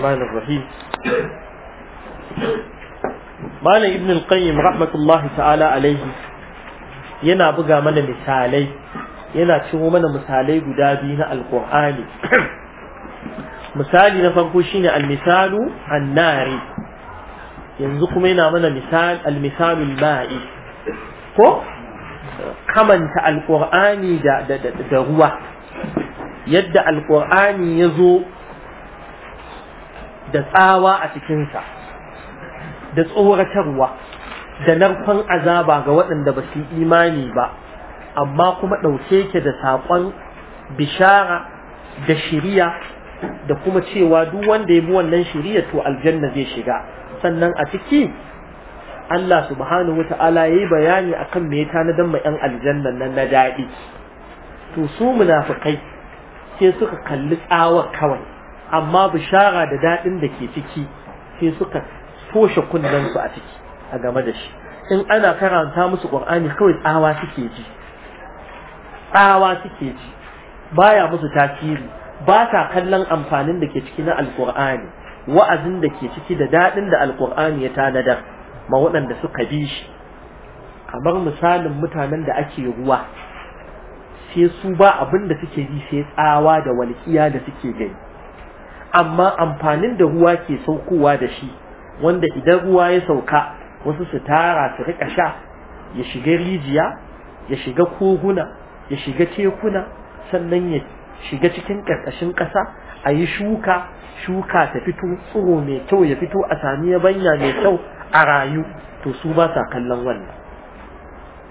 Malam Ibn al-Qayyim rahmatullahi ta'ala alaihi yana buga mana misalai yana ciro mana misalai guda biyu na alkur'ani misali na farko shine al-misalu yanzu kuma yana mana misal al-misalu ko kamanta alkur'ani da ruwa yadda Alƙur'ani ya zo. da tsawa a cikinsa da tsoratarwa da narkon azaba ga waɗanda ba su imani ba amma kuma ɗauke ke da saƙon bishara da shiriya da kuma cewa duk wanda ya bi wannan shiriya to aljanna zai shiga sannan a ciki Allah subhanahu wa ta'ala ya yi bayani akan kan mai tanadan ma 'yan aljanna nan na daɗi to su munafukai sai suka kalli tsawar kawai amma bishara da daɗin da ke ciki sai suka toshe kunnan su a ciki a game da shi in ana karanta musu ƙur'ani kawai tsawa suke ji tsawa suke ji baya musu tasiri ba ta kallon amfanin da ke ciki na alƙur'ani wa'azin da ke ciki da daɗin da alƙur'ani ya tanadar ma waɗanda suka bi shi kamar misalin mutanen da ake ruwa sai su ba abin da suke ji sai tsawa da walƙiya da suke gani amma amfanin da ruwa ke saukowa da shi wanda idan ruwa ya sauka wasu su tara su rika sha ya shiga rijiya ya shiga koguna ya shiga tekuna sannan ya shiga cikin ƙarƙashin ƙasa a yi shuka shuka ta fito tsoro mai kyau ya fito a sami banya mai kyau a rayu to su ba sa kallon wannan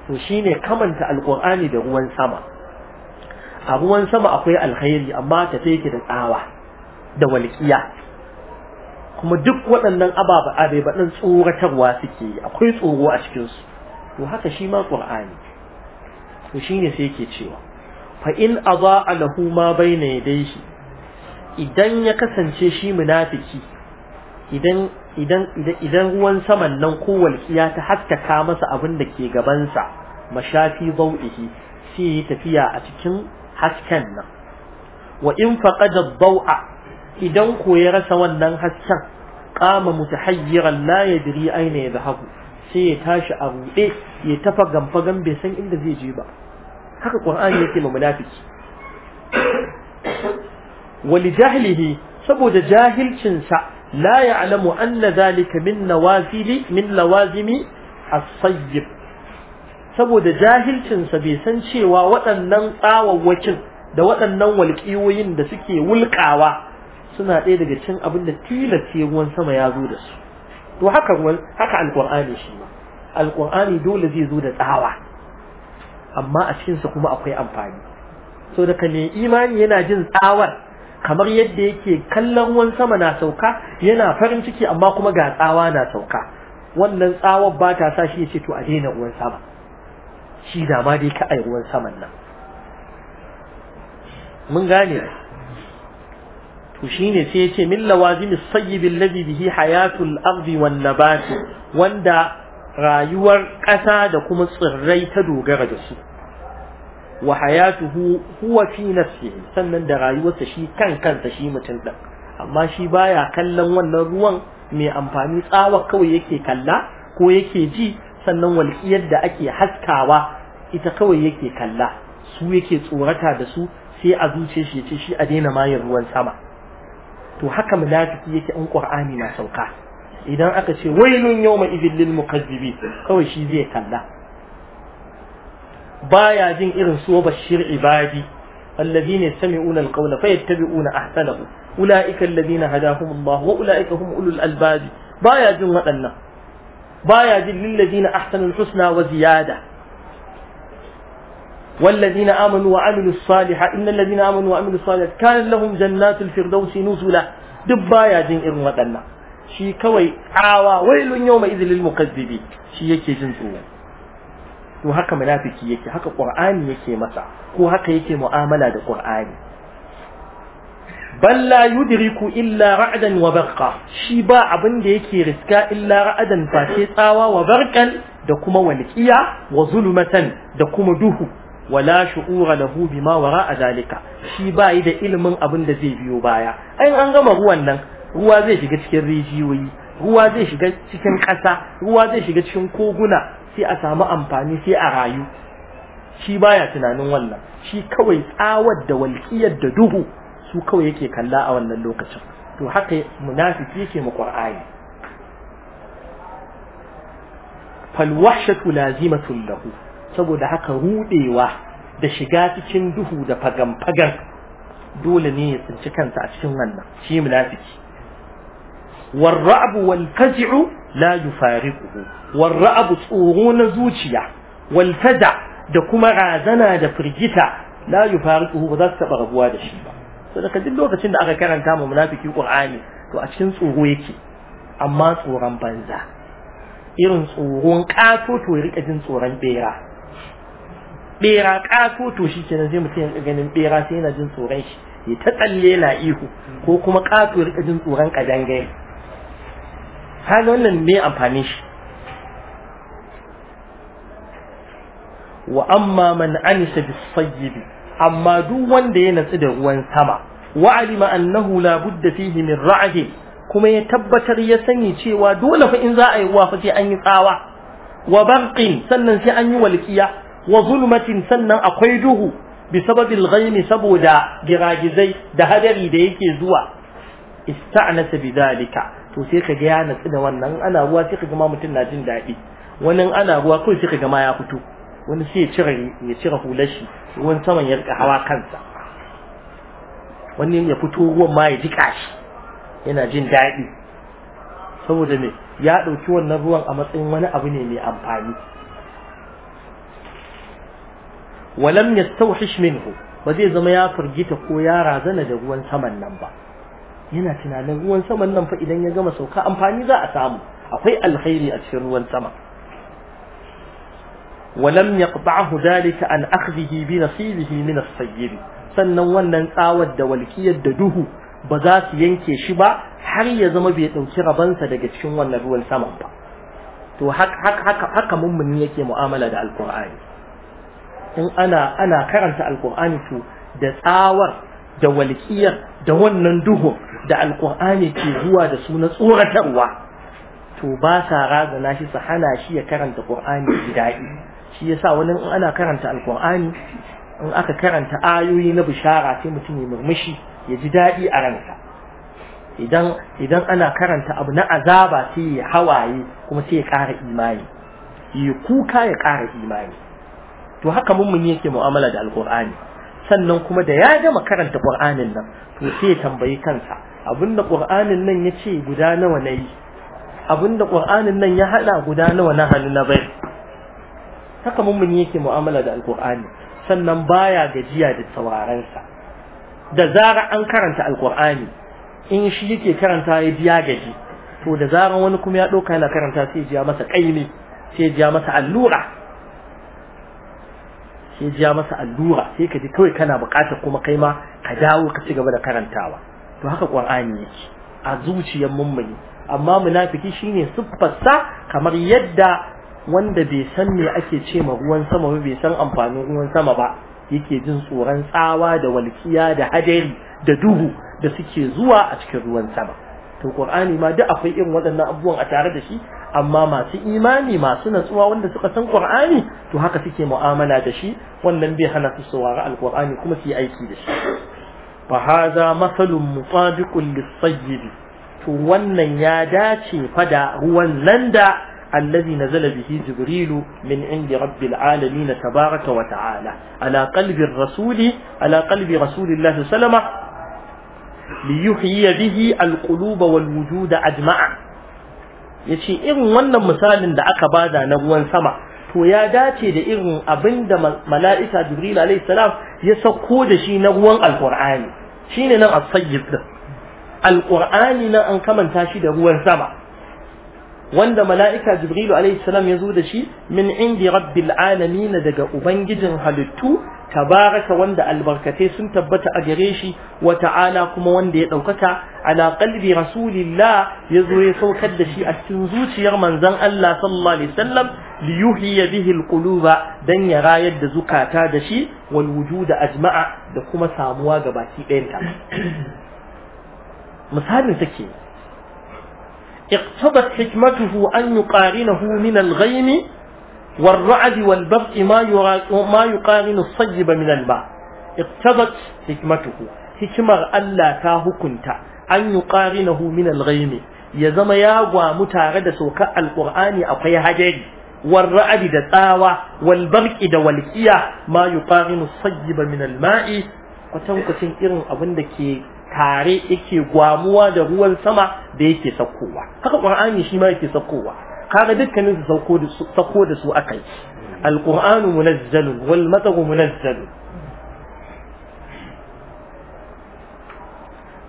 to shine kamanta alƙur'ani da ruwan sama a ruwan sama akwai alkhairi amma tafe yake da tsawa da walƙiya kuma duk waɗannan ababa bai baɗin tsoratarwa suke yi akwai tsoro a cikinsu to haka shi ma ƙur'ani to shi ne sai ke cewa fa in a lahu ma bai na ya shi idan ya kasance shi munafiki idan idan ruwan saman nan ko walƙiya ta haskaka masa abin da ke gabansa mashafi bau'ihi sai ya tafiya a cikin hasken nan wa in faqada bau'a idan ko ya rasa wannan hasken kama mutahayyiran la yadri aina yadhhabu sai ya tashi a ruɗe ya tafa gamfa bai san inda zai je ba haka qur'ani yake ma munafiki wali jahlihi saboda jahilcin sa la ya'lamu anna zalika min nawazili min lawazimi as-sayyib saboda jahilcin sa bai san cewa waɗannan tsawawwakin da waɗannan walƙiyoyin da suke wulƙawa suna ɗaya daga cin abin da tilace ruwan sama ya zo da su to haka ruwan haka Alƙur'ani shi ma alƙur'ani dole zai zo da tsawa amma a cikin kuma akwai amfani so da mai imani yana jin tsawar kamar yadda yake kallon ruwan sama na sauka yana farin ciki amma kuma ga tsawa na sauka wannan tsawar ba ta sa shi ya ce to a daina ruwan sama shi da ma dai ka ai ruwan saman nan mun gane to shine sai yace min lawazim as-sayyib alladhi bihi hayatul ardi wan nabat wanda rayuwar ƙasa da kuma tsirrai ta dogara da su wa hayatuhu huwa fi nafsihi sannan da rayuwarsa shi kan kansa shi mutum din amma shi baya kallon wannan ruwan mai amfani tsawa kawai yake kalla ko yake ji sannan walƙiyar da ake haskawa ita kawai yake kalla su yake tsorata da su sai a zuce shi ce shi a daina mayen ruwan sama to haka munafiki yake an qur'ani na sauka idan aka ce wailun yawma idil lil mukazzibin kawai shi zai kalla baya jin irin su bashir ibadi alladhina sami'una alqawla fayattabi'una ahsanahu ulaika alladhina hadahum allah wa ulaika hum ulul albab baya jin wadannan baya jin lil ladina ahsanu alhusna wa ziyada والذين آمنوا وعملوا الصالحات إن الذين آمنوا وعملوا الصالحات كان لهم جنات الفردوس نزلا دبا يا جن إرم وقنا شي كوي عاوى ويل يومئذ للمكذبين شي يكي جن to haka munafiki yake haka qur'ani yake masa ko haka yake mu'amala da ƙur'ani. bal la yudriku illa ra'dan wa barqa shi ba abin da yake riska illa ra'dan face tsawa wa barqan da kuma walqiya wa zulumatan da kuma duhu wala shu'ura lahu bima wara'a zalika shi bai da ilimin abin da zai biyo baya ai an gama ruwan nan ruwa zai shiga cikin rijiyoyi ruwa zai shiga cikin ƙasa ruwa zai shiga cikin koguna sai a samu amfani sai a rayu shi baya tunanin wannan shi kawai tsawar da walƙiyar da duhu su kawai yake kalla a wannan lokacin to haka munafiki yake mu qur'ani fal wahshatu lazimatun lahu saboda haka ruɗewa da shiga cikin duhu da fagan dole ne ya tsinci kansa a cikin wannan shi munafiki والرعب والفزع لا يفارقه والرعب تورون زوجيا والفزع دكما رازنا دفرجتا لا يفارقه وذاك تبغبوا هذا الشيء صدق دي لوكacin da aka karanta mu munafuki ƙur'ani to a cikin tsoro yake amma tsoron banza irin tsoron kato to ya rika jin tsoron bera bera ƙato shi kenan zai mutum ya ganin bera sai yana jin tsoron shi ya ta tsalle na ihu ko kuma ƙato ya rika jin tsoron kadangai haka wannan ne amfani shi wa amma man anisa bis sayyibi amma duk wanda ya natsu da ruwan sama wa alima annahu la budda fihi min ra'di kuma ya tabbatar ya sani cewa dole fa in za a yi ruwa fa sai an yi tsawa wa barqin sannan sai an yi walqiya wa zulmatin sannan akwai duhu bi sababil ghaimi saboda giragizai da hadari da yake zuwa ista'nasa bidalika to sai ka ga ya natsu da wannan ana ruwa sai ka ga ma mutum na jin daɗi wani ana ruwa kai sai ka ga ma ya fito wani sai ya cire ya cire hulashi ruwan saman ya rika hawa kansa wani ya fito ruwan ma ya jika shi yana jin daɗi saboda me ya ɗauki wannan ruwan a matsayin wani abu ne mai amfani walam yastawhish minhu ba zai zama ya firgita ko ya razana da ruwan saman nan ba yana tunanin ruwan saman nan fa idan ya gama sauka amfani za a samu akwai alkhairi a cikin ruwan sama walam yaqta'hu dalika an akhdhihi bi nasibihi min sannan wannan tsawar da walkiyar da duhu ba za su yanke shi ba har ya zama bai dauki rabonsa daga cikin wannan ruwan saman ba to haka haka haka mummuni yake mu'amala da alqur'ani in ana ana karanta alkur'ani to da tsawar da walƙiyar da wannan duhu da alkur'ani ke zuwa da su na tsoratarwa to ba sa razana shi su hana shi ya karanta qur'ani ji daɗi shi yasa wani in ana karanta alkur'ani in aka karanta ayoyi na bishara sai mutum ya murmushi ya ji daɗi a ransa idan idan ana karanta abu na azaba sai ya hawaye kuma sai ya ƙara imani yi kuka ya ƙara imani to haka mummuni yake mu'amala da alqur'ani sannan kuma da ya gama karanta qur'anin nan to sai tambayi kansa abinda qur'anin nan ya ce guda nawa nayi abinda qur'anin nan ya hada guda nawa na hannu na bai haka mummuni yake mu'amala da alqur'ani sannan baya gajiya da sauraron sa da zara an karanta alqur'ani in shi yake karanta ya biya gaji to da zara wani kuma ya ɗauka yana karanta sai ya masa ƙaimi sai ya masa allura sai ji ya masa allura sai ka ji kawai kana buƙatar kuma kai ma ka dawo ka ci gaba da karantawa to haka qur'ani yake a zuciyar mummuni amma munafiki shine siffarsa kamar yadda wanda bai san me ake ce ma ruwan sama ba bai san amfanin ruwan sama ba yake jin tsoron tsawa da walkiya da hadari da duhu da suke zuwa a cikin ruwan sama to qur'ani ma duk akwai irin waɗannan abubuwan a tare da shi amma masu imani masu natsuwa wanda suka san qur'ani to haka suke mu'amala da shi wannan bai hana su saurari alqur'ani kuma su yi aiki da shi fa hadha mathalun mutabiqun lis-sayyid to wannan ya dace fa da ruwan nan da allazi nazala bihi jibrilu min indi rabbil alamin tabaraka wa ta'ala ala qalbi ar rasuli ala qalbi rasulillahi sallama liyuhyiya bihi alquluba wal wujuda ajma'a Yashi irin wannan misalin da aka bada na ruwan sama to ya dace da irin abin da mala'ika jibril alayhi salam ya sako da shi na ruwan alqur'ani shine nan as-sayyid din alqur'ani nan an kamanta shi da ruwan sama wanda mala'ika jibrilu alaihi ya zo da shi min indi rabbil alamina daga ubangijin halittu tabaraka wanda albarkatai sun tabbata a gare shi wa ta'ala kuma wanda ya ɗaukaka ala qalbi rasulillah ya zo ya saukar da shi a cikin zuciyar manzon Allah sallallahu alaihi wasallam Liyuhi ya bihi alquluba dan ya rayar da zukata da shi wal wujuda ajma'a da kuma samuwa ga baki ɗayanta misalin take اقتضت حكمته أن يقارنه من الغيم والرعد والبرء ما, ما يقارن الصيب من الماء اقتضت حكمته حكمة ألا تاهكنت أن يقارنه من الغيم يزم ياغوى متاردة سوكاء القرآن أقيا هجري والرعد دتاوى والبرء دوالكيا ما يقارن الصيب من الماء وتنكتن إرن أبندكي tare yake gwamuwa da ruwan sama da yake saukowa haka qur'ani shi ma yake saukowa kaga dukkanin su sauko da su aka yi, su akai alqur'anu munazzalun wal mataru munazzalun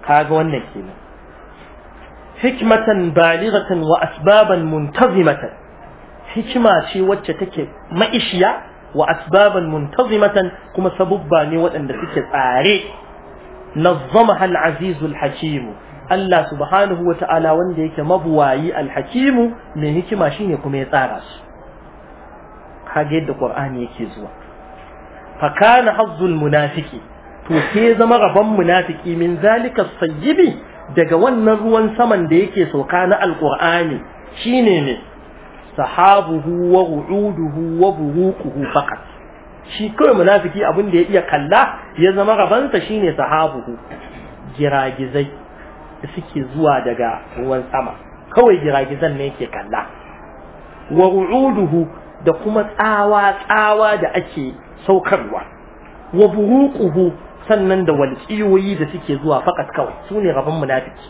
kaga wannan kenan hikmatan balighatan wa asbaban muntazimatan hikima ce wacce take ma'ishiya wa asbaban muntazimatan kuma sabubba ne waɗanda suke tsare nazzamaha al azizul al-hakim Allah subhanahu wa ta'ala wanda yake mabuwayi al-hakim mai hikima shine kuma ya tsara su kage yadda Qur'ani yake zuwa fa kana hazzul munafiki to sai zama rabon munafiki min zalika sayyibi daga wannan ruwan saman da yake sauka na alqur'ani shine ne sahabuhu wa wa buhuquhu shi kawai munafiki abin da ya iya kalla ya zama rabansa shine sahabuhu giragizai da suke zuwa daga ruwan sama kawai giragizan ne yake kalla wa uuduhu da kuma tsawa tsawa da ake saukarwa wa buruquhu sannan da walƙiyoyi da suke zuwa fakat kawai su ne rabon munafiki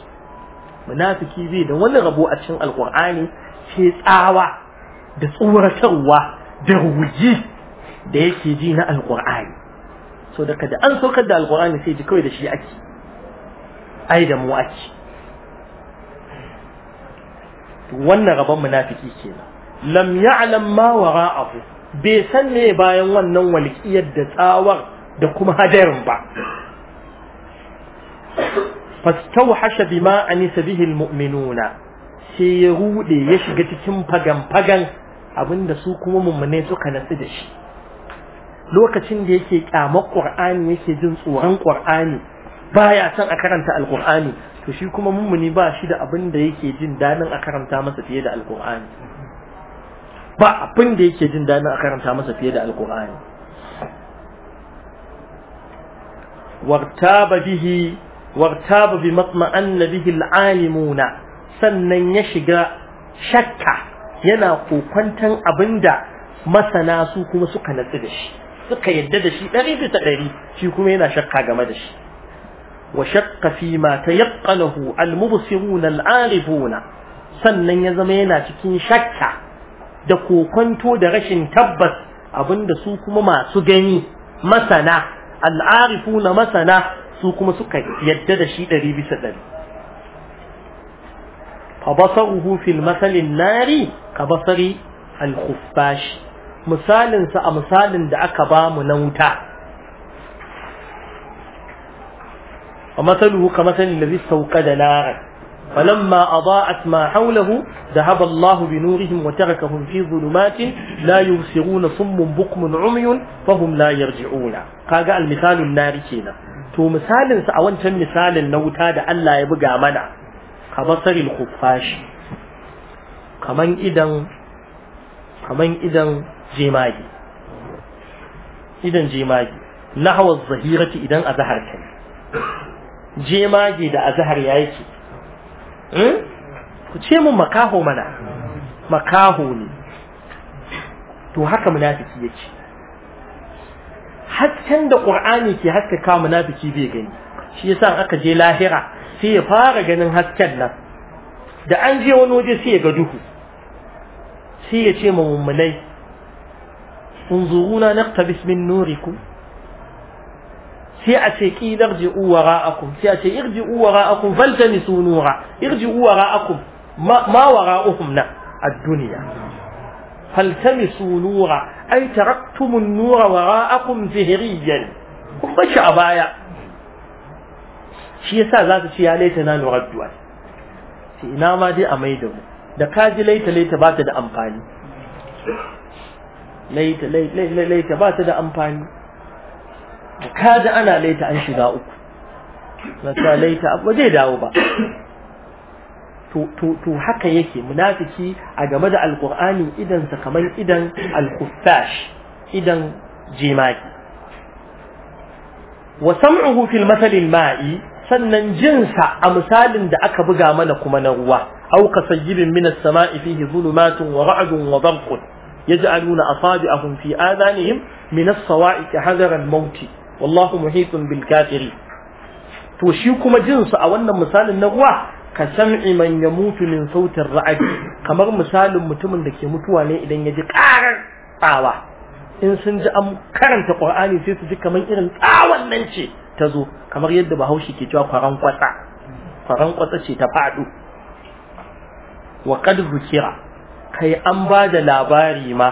munafiki zai da wani rabo a cikin alkur'ani ke tsawa da tsoratarwa da ruji da yake ji na alqur'ani so daga da an saukar da alkur'ani sai ji kawai da shi ake ai da mu ake wannan rabon munafiki kenan lam ya'lam ma abu bai san ne bayan wannan walƙiyar da tsawar da kuma hadarin ba fastawhasha bima ani bihi almu'minuna sai ya rude ya shiga cikin fagan fagan abinda su kuma mummune suka nasu da shi lokacin da yake kyamar ƙwar'ani yake jin tsoron ba ya san a karanta alƙwar'ani to shi kuma mummuni ba shi da abin da yake jin daɗin a karanta masa fiye da alƙwar'ani ba abin da yake jin daɗin a karanta masa fiye da alƙwar'ani wartaba bihi wartaba bi na bihi al'alimuna sannan ya shiga shakka yana kokwantan da masana su kuma suka natsu da shi suka yadda da shi ɗari bisa ɗari shi kuma yana shakka game da shi wa shakka fi ma tayaqqanahu al-mubsiruna al-arifuna sannan ya zama yana cikin shakka da kokonto da rashin tabbas abinda su kuma masu gani masana al-arifuna masana su kuma suka yadda da shi ɗari bisa ɗari fa basaruhu fil masalin nari ka basari al-khuffashi misalinsa a misalin da aka ba mu na wuta matsaluhu kama sani da zai sauka da larar falamma a ba a haulahu da haballahu allahu bi nurihim wa taraka hun fi zulumatin la yusiru na sun mumbuk mun rumiyun fahim la yarji ula kaga almisalin nari kenan to misalinsa a wancan misalin na wuta da allah ya buga mana kama sarin kuffashi kaman idan kaman idan jemage idan jemage nahwa zahirati idan azhar kai jemage da azhar ya yake ku ce mun makaho mana makaho ne to haka munafiki yake hasken da qur'ani ke haskaka munafiki bai gani shi yasa aka je lahira sai ya fara ganin hasken nan da an je wani waje sai ya ga duhu sai ya ce mu mummunai انظرونا نقتبس من نوركم سيأتيكي ارجعوا وراءكم سيأتي ارجعوا وراءكم فالتمسوا نورا ارجعوا وراءكم ما, ما وراءهمنا الدنيا فالتمسوا نورا أي تركتم النور وراءكم زهريا هم مش عبايا شيسا ذات شيا ليتنا نردوا سينا ما دي دكاجي ليت ليت بات الأمقالي laita laita laita ba ta da amfani kada ana laita an shiga uku na ta laita ba zai dawo ba to haka yake munafiki a game da alkur'ani idansa kamar idan alkufash idan jemaki wa sam'uhu fil masalil ma'i sannan jinsa a misalin da aka buga mana kuma na ruwa auka sayyibin minas sama'i fihi zulumatun wa ra'dun wa barqun يجعلون أصابعهم في آذانهم من الصواعق حذر الموت والله محيط بالكافرين to shi kuma jinsu a wannan misalin na ruwa ka sam'i man ya mutu min sautin ra'adi kamar misalin mutumin da ke mutuwa ne idan ya ji ƙarar tsawa in sun ji an karanta ƙur'ani sai su ji kamar irin tsawon nan ce ta zo kamar yadda bahaushe ke cewa kwaran kwatsa kwaran kwatsa ce ta faɗo wa qad zukira kai an ba da labari ma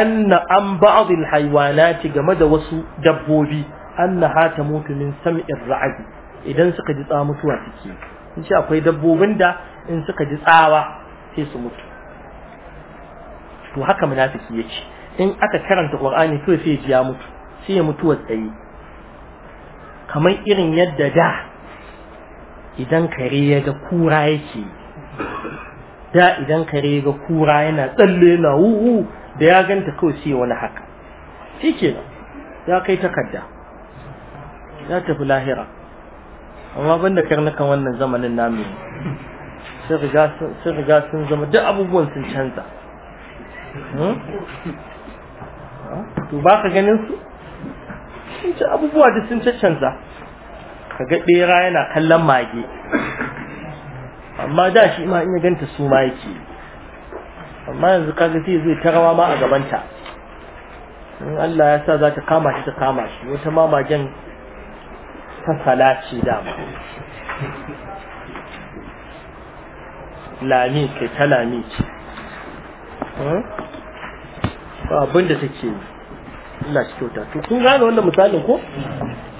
anna an ba'dil haywanati game da wasu dabbobi annaha mutu min sam'ir ra'd idan suka ji tsawa mutuwa suke in ce akwai dabbobin da in suka ji tsawa sai su mutu to haka munafiki yake in aka karanta qur'ani to sai ya mutu sai ya mutu tsaye kamar irin yadda da idan kare ya ga kura yake da idan kare ga kura yana tsalle na wuhu da ya ganta kawai sai wani haka shi ke ya kai takarda ya tafi lahira amma banda karnukan wannan zamanin namu sun riga sun zama duk abubuwan sun canza hmm? to ba ka ganin su sun ci abubuwa duk sun canza ka ga bera yana kallon mage amma da shi ma in ya ganta su ma yake amma yanzu kaga sai zai ta ma a gabanta in Allah ya sa za ta kama shi ta kama shi wata ma magen ta da dama lami ke ta lami ce hmm? ba abinda take yi Allah shi kyauta to kun gane wannan misalin ko